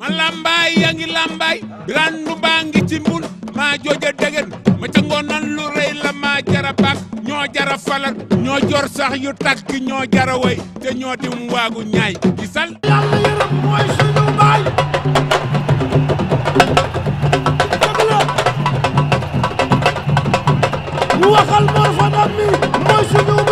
ma làmbaay yaa ngi làmbaay randu baa ngi ci mbul maa jooja degen ma ca ngoonan lu rëy la maa jara bak ñoo jara falat ñoo jor sax yu takk ñoo jara way te ñoo dim waagu ñaay gisal yàlla yaram mooy suñu baay waxal mor fanam mi mooy suñu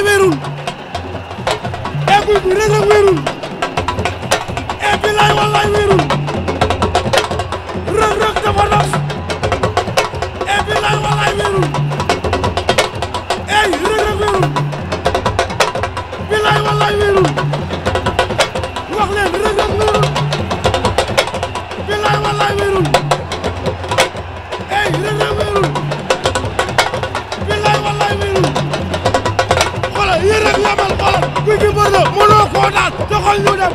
Ndiaye wéerul et guy gi Reug Reug wéerul et bilaay wallaay wéerul Reug Reug dafa dof et ey Reug Reug wéerul bilaay wallaay wéerul wax leen Reug Reug wéerul mënoo mënoo koo daan joxal ñu dem.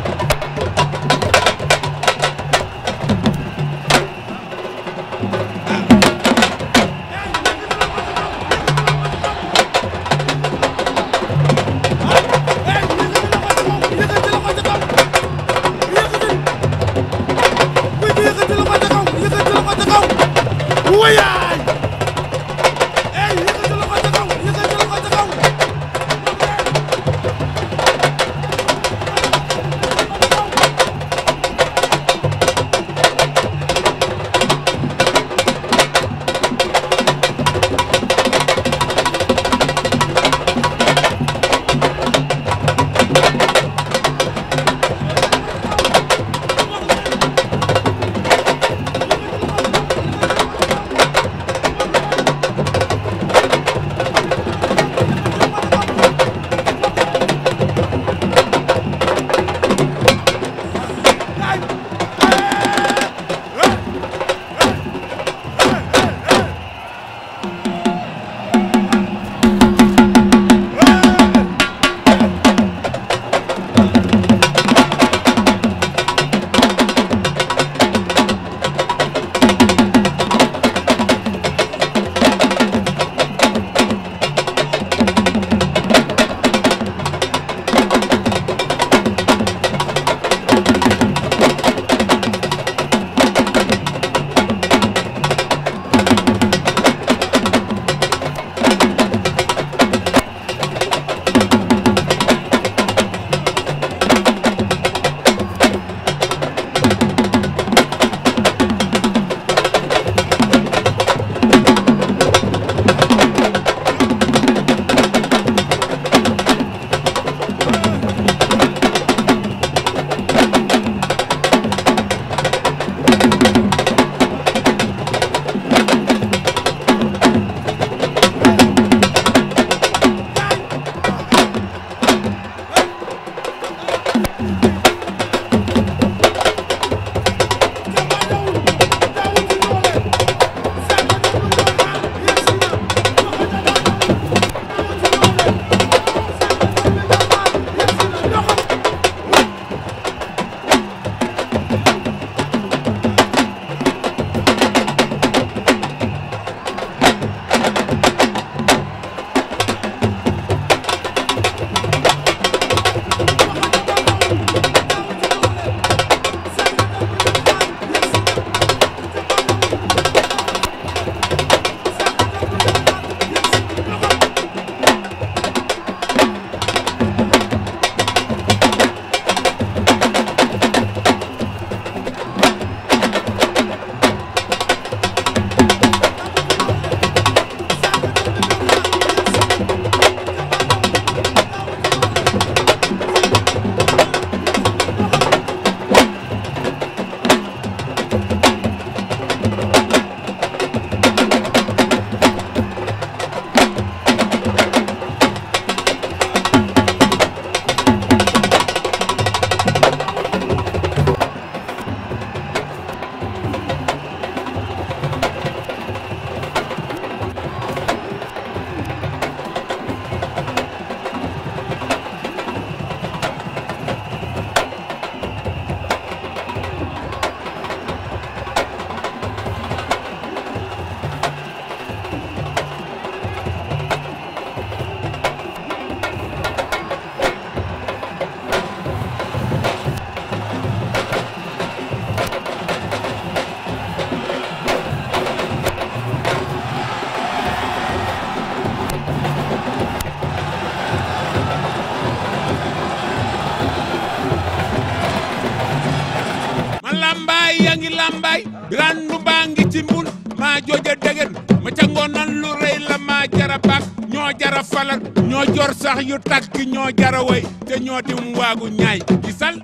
baa ngi làmbaay randu baa ngi ci mbul maa joja degen ma ca ngoonan lu rëy la maa jara baak ñoo jara falal ñoo jor sax yu takk ñoo jara way te ñoo dim waagu ñaay gisal